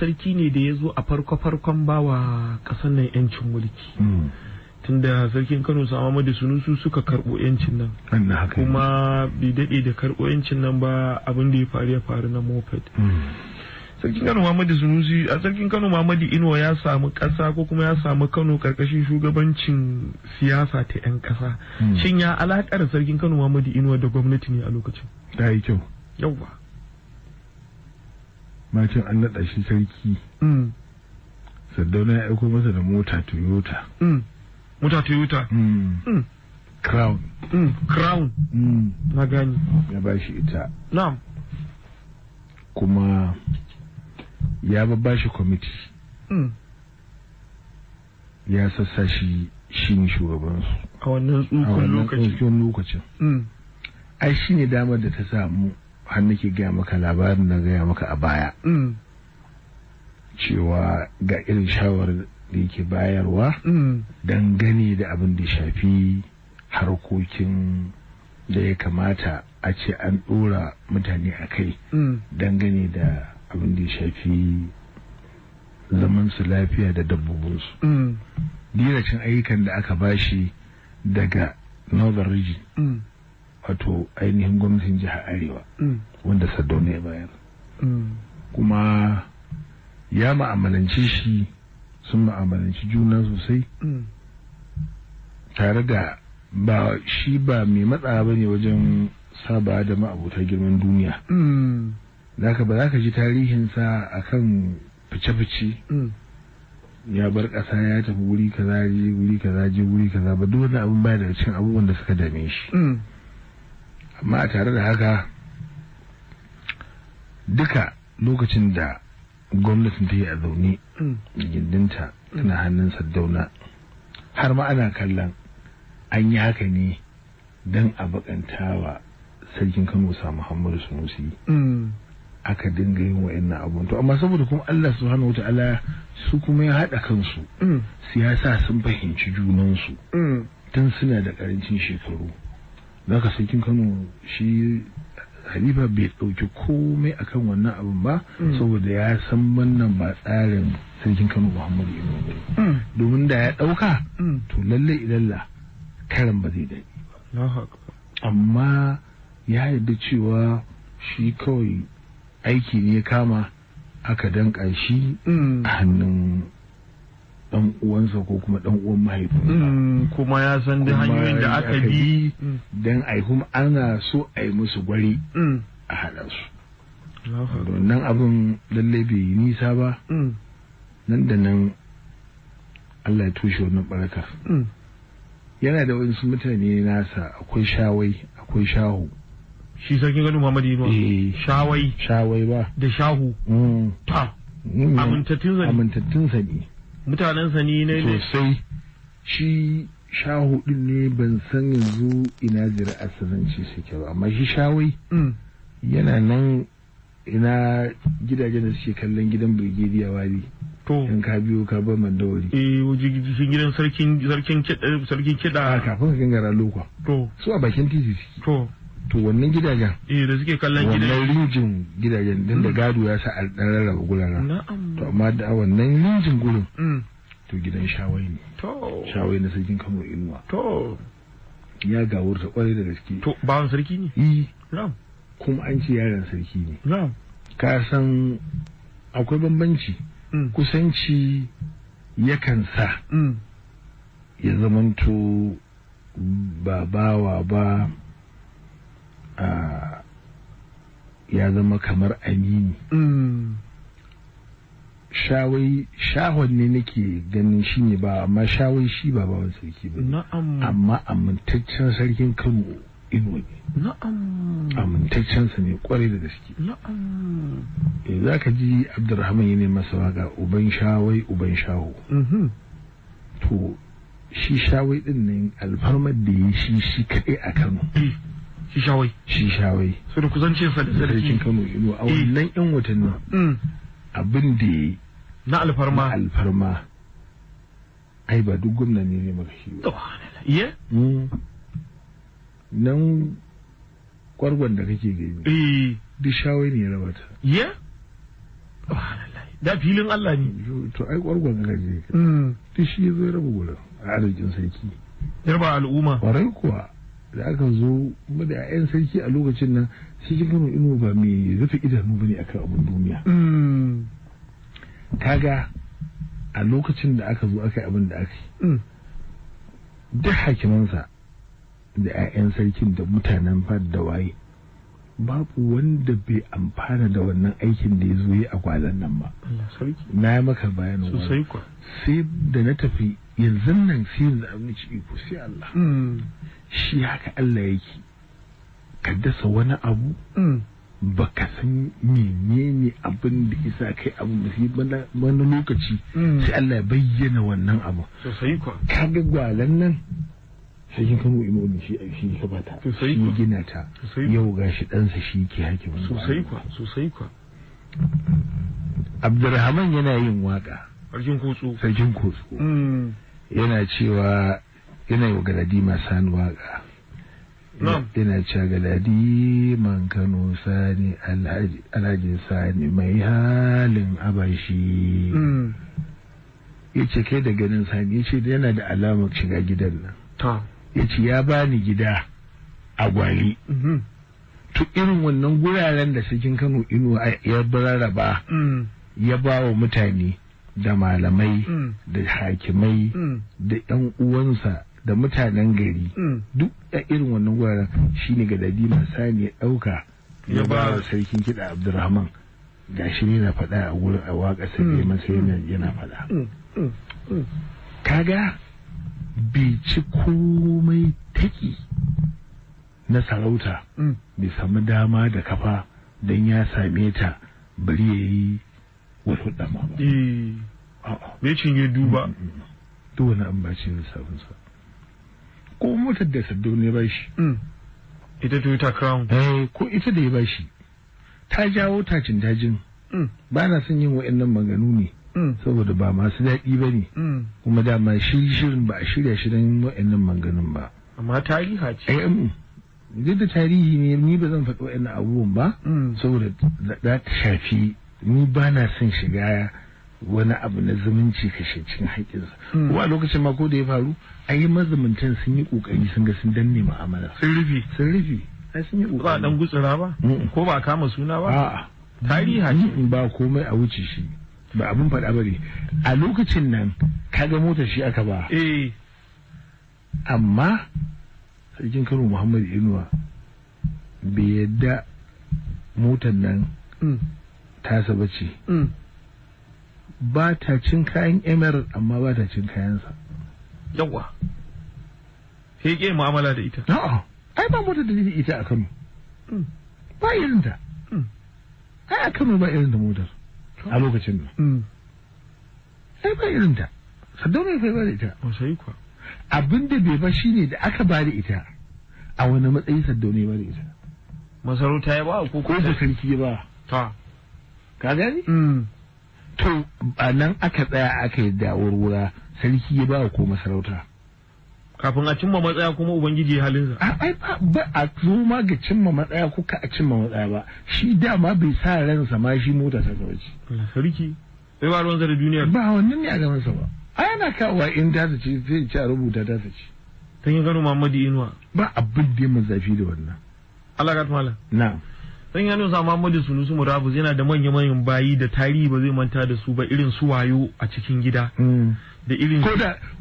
sarki ne da ya zo a farko-farkon bawa ƙasar nan 'yancin mulki hmm. tunda sarkin kano sama da sunusu suka karɓo 'yancin nan kuma bai daɗe da karɓo 'yancin nan ba abin da ya faru ya faru na moped hmm. sarkin kano muhammadu sunusi a sarkin kano muhammadu inuwa ya samu ƙasa ko kuma ya samu kano ƙarƙashin shugabancin siyasa ta 'yan ƙasa hmm. shin ya alaƙar sarkin kano muhammadu inuwa da gwamnati ne a lokacin da yi kyau yauwa bacin an naɗa shi sarki mm. saddauna ya aiko masa da mota toyota mm. mota toyota mm. crown crown na gani ya ba shi ita na'am kuma ya babba shi kwamiti ya sassa shi shi ne shugabansu a wannan wannan lokacin ai shi ne damar da ta samu har nake gaya maka labarin na gaya maka a baya mm. cewa ga irin shawarar da yake bayarwa mm. dangane da abin da shafi harkokin da ya kamata a ce an ɗora mutane a kai mm. dangane da abin da ya shafi zamansu lafiya da dabbobinsu diracin ayyukan da aka bashi daga northern region wato ainihin gwamnatin jihar arewa mm. wanda saddauna ya bayar mm. kuma ya ma'amalanci shi sun ma'amalanci juna sosai mm. tare da ba shi ba mai matsa ba ne wajen saba da ma'abuta girman duniya zaka ba za ka ji tarihinsa kan fice-fice ya bar ƙasa ya tafi wuri kaza je wuri kaza je wuri kaza ba duk wani abin baya daga cikin abubuwan da suka dame shi amma a tare da haka duka lokacin da gwamnatin ta yi a zaune gindinta tana hannun dauna. har ma ana kallon an yi haka ne don a bakantawa sarkin kano sa muhammadu sunusi mm. aka dinga yin wa'annan abun to amma saboda kuma Allah wata ala su kuma ya haɗa kansu mm. siyasa sun fahimci junansu mm. tun suna da ƙarancin shekaru da ka sarkin kano shi halifa bai ɗauki komai akan wannan abin ba mm. saboda ya san wannan ba tsarin sarkin kano muhammadu ibn mm. domin da ya ɗauka mm. to lalle ilalla karan ba zai daɗi ba amma ya yarda cewa shi kawai aiki ne ya kama aka danƙa shi a hannun dan uwansa ko kuma dan uwan mahaifinsa mm, kuma ya san da hanyoyin da aka bi dan ai kuma ana so ai musu gwari mm. a hada su wannan abin lalle bai yi nisa ba mm. nan da nan Allah ya tushe wannan barka. yana da wasu mutane nasa akwai shawai akwai shahu shi sarkin ganin Muhammadu Inuwa eh. shawai shawai ba da shahu ta amintattun zane mutanensa ni ne ne sosai shi shahu din ne ban san yanzu ina jira a sananci suke ba amma shi shawai mm. yana nan ina gidajen da suke kallon gidan birgediya wari to in ka biyo ka ba mandawari eh waje gidan sarkin sarkin kida sarkin kida kafin ka gangara lokwa to su a bakin titi to to wannan gidajen eh da suke kallon gidajen wannan rinjin gidajen din da mm. gado ya sa an dan rarraba guraren to amma da wannan rinjin gurin mm. to gidan shawai ne to shawai na sarkin Kano Inuwa to ya wurta kwarai da gaske to bawan sarki ne eh na'am kuma an ce yaron sarki ne na'am ka san akwai bambanci mm. kusanci yakan sa ya zamanto ba bawa ba ya zama kamar amini mm. shawai shahon ne nake ganin shi ne ba amma shawai shi ba bawan sarki ba amma amintaccen sarkin kano ino ne amintaccen sa ne kwarai da gaske e, za ka ji abdurrahman yana masa waka uban shawai uban shaho mm-hmm. to shi shawai din nan alfarmar da ya shi shi kaɗai a kano Shishawai. Shishawai. So da kusancin sa da sarkin Kano Ido. a eh. wannan yan watannin. Mm. Abin da ya na alfarma. Na alfarma. Ai ba duk gwamnati ne ne maka shi ba. Iya? Mm. Nan kwargon da kake gani. Eh. Duk shawai ne ya raba ta. Iya? Da filin Allah ne. To ai kwargon da kake. Mm. Duk shi ya zo ya raba gurin a arzikin sarki. Yarba al'umma. Kwarai kuwa. da aka zo da 'ya'yan sarki a lokacin nan shi kin kano ino ba mai rufe idanu bane akan abin duniya kaga a lokacin da aka zo aka yi abin da aka yi duk hakimansa da 'ya'yan sarkin da mutanen fad da waye babu wanda bai amfana da wannan aikin da ya zo yi a kwanan nan ba na yi maka bayanin sai da na tafi yanzu nan sai da abin ciki ko sai Allah mm. shi haka Allah yake ka dasa wani abu mm. ba ka san menene abin da sa kai abu ba wani lokaci mm. sai Allah ya bayyana wannan abu ka ga gwalan nan sai kin kamo imamu shi shi ka bata shi gina ta yau gashi ɗansa shi ke hake sosai kwa sosai kwa Abdurrahman yana yin waka sarkin kotso sarkin kotso yana cewa yana yi galadi masu hannu waka yana cewa galadi man kano sani alhaji sani mai halin abashi mm. ya ce kai da ganin sani ya ce yana da alamar shiga gidan nan ya ce ya bani gida a gwali mm-hmm. to irin wannan guraren da cikin kano inuwa ya bararraba mm. ya ba wa mutane da malamai mm. da hakimai mm. da yan uwansa da mutanen gari mm. duk a irin wannan wuraren shine ga dadi masani ya ɗauka. ya ba sarkin kiɗa abdurrahman gashi ne na faɗa a wurin a waƙa sai masa yana faɗa kaga bai ci komai taki na sarauta bai samu dama da kafa don ya same ta bari ya yi wasu dama ba eh cinye duba mm, mm, mm. duk wani an bashi lissafin sa ko motar da saddo ne ba shi ita toyota crown eh ko ita da ya ba shi ta jawo tacin dajin ba na son yin wa'annan maganu ne saboda ba masu daɗi ba ne kuma dama shi shirin ba a shirya shi don wa'annan maganganun ba amma tariha ce eh, duk da tarihi ne ni ba zan faɗi wa'annan abubuwan ba saboda za ta shafi ni ba na son shiga wani abu na zumunci kashe cikin haƙƙinsa hmm. ko a lokacin ma ko da ya faru a yi mazumuntan sun yi ƙoƙari sun ga sun danne mu'amala sun rufe sun rufe ai sun yi ƙoƙari ba dan gutsura ba hmm. ko ba kama suna ba a'a tarihi hmm, ba komai a wuce shi ba abun faɗa bane a lokacin nan kaga mota shi aka ba eh amma sarkin Kano Muhammad Inuwa bai yadda motar nan tasa bace. Mm. ba ta cin kayan emir amma ba ta cin kayansa yawa sai ke mu'amala da ita a'a ai ba mota da ita mm. mm. a Kano ba irin ta ai a Kano ba irin da motar a lokacin nan ai ba irin ta mai fai ba da ita abin da bai ba shine da aka ba da ita a wani matsayin ne ba da ita masarauta ya ba ko ko da sarki ba ta ka gani mm. to a nan aka tsaya aka yi dawar wura sarki ya ba ko masarauta kafin a cimma matsaya kuma ubangiji ya halinsa ai ba a zo ma ga cimma matsaya ko ka a cimma matsaya ba shi dama bai sa ransa ma shi mota ta gawaci sarki bai ba ruwan da duniya ba wannan ne a gaban sa ba ai ana kawo in ta ce zai ci a rubuta ta ce tun yi gano muhammadu inuwa ba abin da ya mazafi da wannan Allah ga tumala na'am dan ya nusa Muhammadu Sunusu Murabus yana da manya-manyan bayi da tarihi ba zai manta da su ba irin su wayo a cikin gida. Mm. Da irin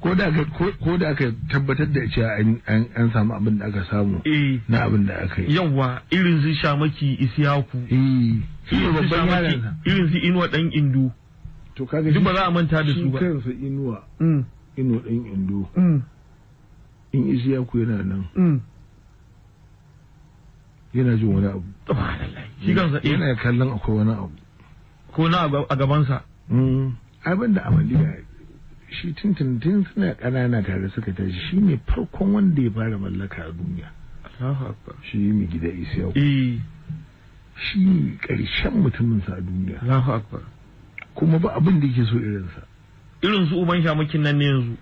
ko da aka tabbatar da cewa an samu abin da aka samu eh. na abin da aka yi. Yawwa irin su shamaki Isiyaku. Eh. Irin su Inuwa dan indu To kaga duk ba za a manta da su ba. Shi kansa Inuwa. Mm. Inuwa dan Indu? Mm. In Isiyaku yana nan. yana jin wani abu shi kansa eh. yana kallon akwai wani abu ko na a gabansa mm. abin da amaliya shi tintintin suna kanana tare suka tashi shi ne farkon wanda ya fara mallaka a duniya shi mai gida isiyau eh. shi ne karshen mutuminsa a duniya kuma ba abin da yake so irinsa irin su uban shamukin nan ne yanzu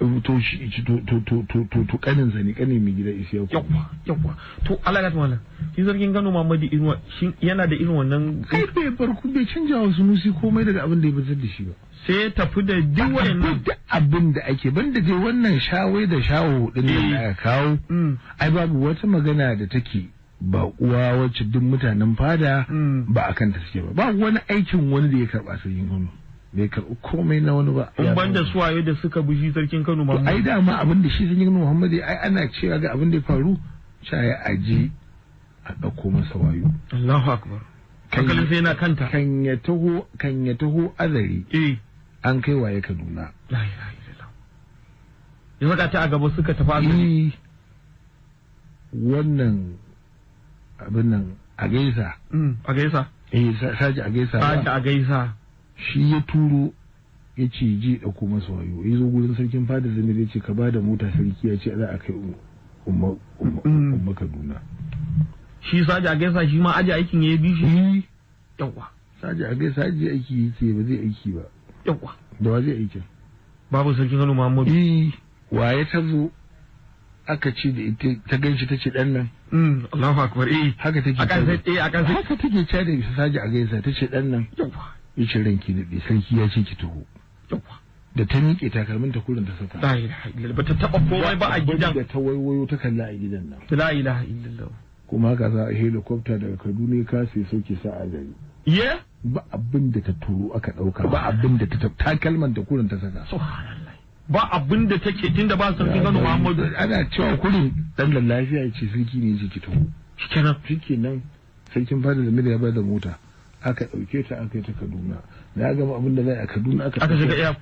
to shi to to to to to kanin zane kanin mai gida ya ko yawa yawa to Allah ya tsamana shi zargin gano Muhammadu Inuwa shi yana da irin wannan kai bai barku bai canja wa su komai daga abin da ya bazar da shi ba sai tafi da duk wannan abin da ake banda dai wannan shawai da shawo din eh. da aka kawo mm. ai babu wata magana da take ba uwa wacce duk mutanen fada mm. ba akan ta suke ba ba wani aikin wani da ya karba sai gano. bai karɓi komai na wani ba. In ban da suwaye da suka bushi sarkin Kano ba. Ai dama abin da shi sarkin yi Muhammadu ai ana cewa ga abin da ya faru sha ya aji a ɗauko masa wayo. Allahu Akbar. Hankalin sai na kanta. Kan ya taho kan ya taho azari. Eh. An kai waye Kaduna. La Ya faɗa ta a gaba suka tafi azari. Wannan abin nan a gaisa. Mm, a gaisa. Eh saji a gaisa. Saji a gaisa. shi ya turo ya ce je ɗauko masa wayo ya zo gurin sarkin fada zamir ya ce ka ba da mota sarki ya ce za a kai um, mm. umma kaduna shi saji a gaisa shi ma aji aikin ya bi shi yawa saji a gaisa aji aiki ce ba zai aiki ba yawa da wa zai aikin babu sarkin Kano Muhammadu wa ya ta zo aka ce da ita ta ganshi ta ce dan nan mm, Allahu akbar eh haka take akan sai eh kan sai haka take ce da saji a gaisa ta ce dan nan yawa yace ranki bai sarki ya ce ki taho da ta miƙe takalmin ta kurin ta saka la ilaha illallah ba ta taba komai ba a gidan da ta waiwayo ta kalla a gidan nan la ilaha illallah kuma ka za a helicopter daga Kaduna ka sai sauke sa a gari ye ba abin da ta turo aka dauka ba abin da ta takalman ta kurin ta saka subhanallah ba abin da take tunda ba sarki gano Muhammadu ana cewa kurin dan lafiya ce sarki ne yake to shikenan shikenan sarkin fada da miliya ba mota aka ɗauke ta aka yi ta kaduna da ya gama abin da zai a kaduna aka shiga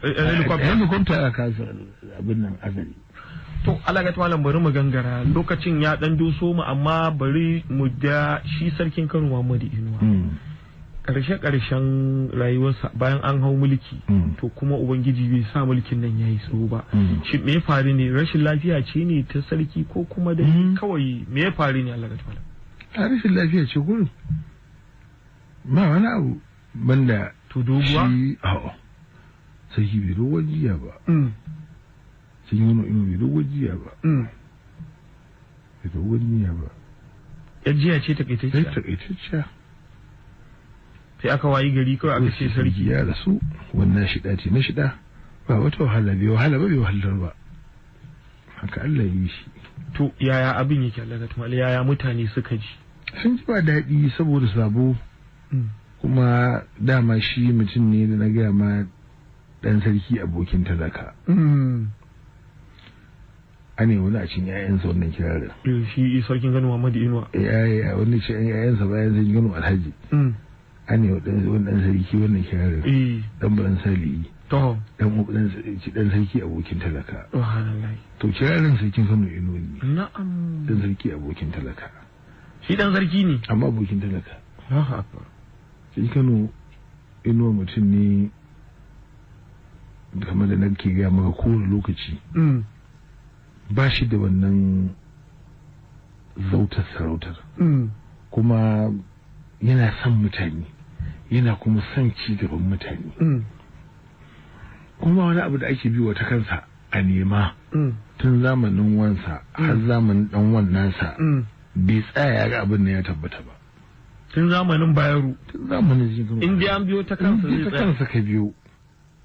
helicopter a kasa abin nan azari to alagat malam bari mu gangara lokacin ya dan doso mu amma bari mu da shi sarkin Kano Muhammadu Inuwa hmm. karshe karshen rayuwarsa bayan an hau mulki hmm. to kuma ubangiji bai sa mulkin nan yayi tsoro ba hmm. shi me ya faru ne rashin lafiya ce ne ta sarki ko kuma da kawai me ya faru ne alagat malam rashin lafiya ce gurin ba wani abu banda to doguwa shi a'a sarki bai dogon jiya ba mm. sun yi wani bai dogon jiya ba mm. bai dogon jiya ba yar jiya ce Ta sai takaitacciya sai aka wayi gari kawai aka ce sarki ya rasu wannan shida ce na shida ba wata wahala bai wahala ba bai wahalar ba haka Allah ya yi shi to yaya abin yake Allah ka tumali yaya mutane suka ji sun ji ba daɗi saboda sabo kuma dama shi mutum ne da na gaya ma dan sarki abokin talaka a ne wani a cin yayansa wannan kirarin eh, shi sarkin gano muhammadu inuwa eh, Ya wani ce yayansa bayan sun gano alhaji mm. a ne wani dan sarki wannan kirarin dan eh. ban sali dan dan sarki abokin talaka to kirarin sarkin kano inuwa ne na'am dan sarki abokin talaka shi dan sarki ne amma abokin talaka Allahu akbar shi kano inuwa mutum ne game da nan ke gaya maka kowane lokaci mm. ba shi da wannan zautar sarautar mm. kuma yana son mutane yana kuma son ci gaban mutane mm. kuma wani abu da ake bi wata kansa a nema tun zamanin wansa har zamanin dan wannansa bai tsaya ga abin da ya tabbata ba tun zamanin bayero tun zamanin zamanin in dai an biyo ta kansa zai ta kansa ka biyo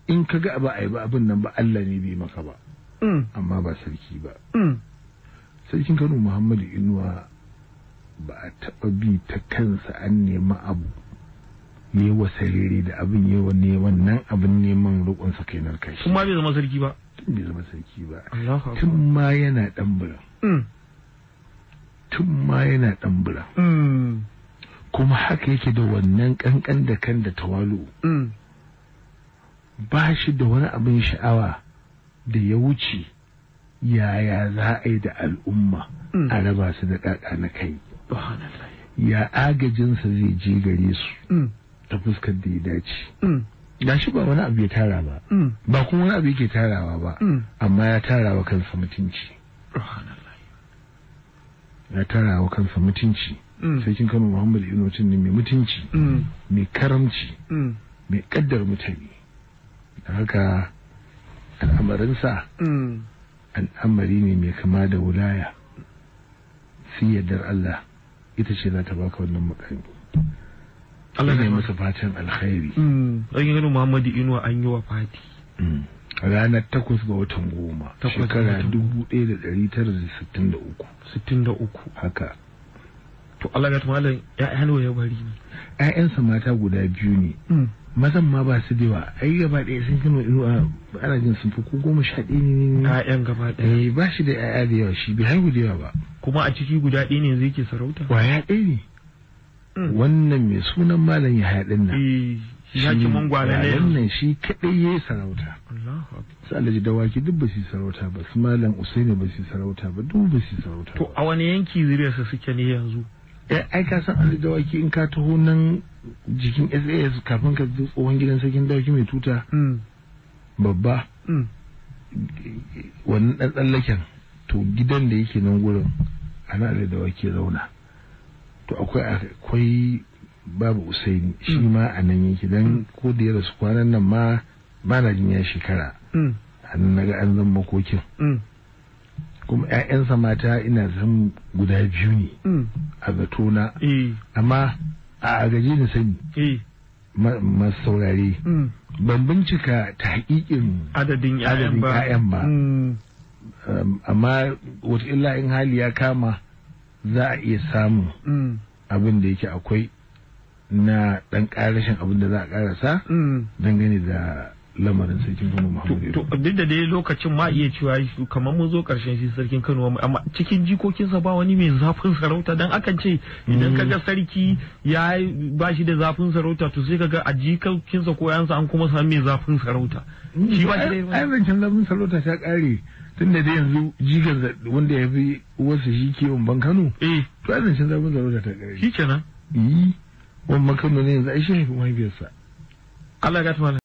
in ka ga ba a yi ba abin nan ba Allah ne bai maka ba mm. amma ba sarki ba mm. sarkin Kano Muhammadu Inuwa ba a taɓa bi ta kansa an nema abu ne wasa rere da abin yawa ne wannan abin neman roƙon sa kai narka shi kuma bai zama sarki ba tun bai zama sarki ba tun ma yana dan bura mm. tun ma yana dan bura kuma haka yake da wannan kankan da kan da tawalu mm. ba shi da wani abin sha'awa da ya wuce yaya za a yi da al'umma mm. a raba su da ƙaƙa na kai ya agajinsa zai je gare su mm. ta fuskar da ya dace ga shi ba wani abu ya tara ba ba kuma wani abu yake tarawa ba amma ya tarawa kansa mutunci ya tarawa kansa mutunci Mm. Sai kin kama muhammadu ibn mutum ne mai mutunci mm. mai karamci mm. mai kaddar mutane da haka al'amarinsa al'amari ne mai kama da wulaya sai yardar Allah ita ce za ta baka wannan makami Allah ne masa fatan alkhairi An yi Muhammadu Inuwa an yi wa fati ranar takwas ga watan goma shekara dubu ɗaya da ɗari tara da sittin da uku sittin da uku haka to Allah ya malam ya'yan waye bari ne ƴaƴansa mata guda biyu ne hmm. mazan ma ba su dewa ai gaba ɗaya sun kino ino a ana jin sun fi ko goma sha ɗaya ne ƴaƴan gaba ɗaya eh, ba shi da ƴaƴa da yawa shi bai haihu da yawa ba kuma a ciki guda ɗaya ne zai ke sarauta Wa ya ɗaya ne hmm. wannan mai sunan malam ya haɗin nan eh, ya ci mangwala ne wannan shi kadai yayi sarauta sai Allah ji dawaki duk ba su sarauta ba su malam usaini ba su sarauta ba duk ba su sarauta to a wani yanki zuriyarsa suke ne yanzu Eh, ai ka san ali dawaki in ka taho nan jikin sas kafin ka zo tsohon gidan sarkin dawaki mai tuta mm. babba mm. wannan ɗan tsallaken to gidan da yake nan gurin ana ali dawaki zauna to akwai akwai babu usaini shi mm. ma a nan yake dan ko da ya rasu kwanan nan ma ba na jin ya shekara a naga an zan makokin kuma ƴaƴansa mata ina zan guda biyu ne mm. a gatona eh. amma a gaje na sani eh. masu saurare mm. ban bincika ta hakikin adadin ƴaƴan ba mm. um, amma wata in hali ya kama za a iya samu. abin da yake akwai na ɗan ƙarashin abin da za a ƙarasa dangane da lamarin sarkin kano muhammadu to duk da dai lokacin ma iya cewa kamar mun zo karshen shi sarkin kano amma cikin jikokinsa ba wani mai zafin sarauta dan akan ce idan kaga mm. sarki ya ba shi da zafin sarauta to sai kaga a jikokinsa ko yansa an kuma sami mai zafin sarauta mm. shi ba shi ai zancen zafin sarauta ta kare tun da dai yanzu jigar wanda ya fi wasu shi ke ban kano eh. to ai zancen zafin sarauta ta kare shi kenan yi wannan kano ne yanzu ai shi haifin mahaifiyarsa Allah ya gata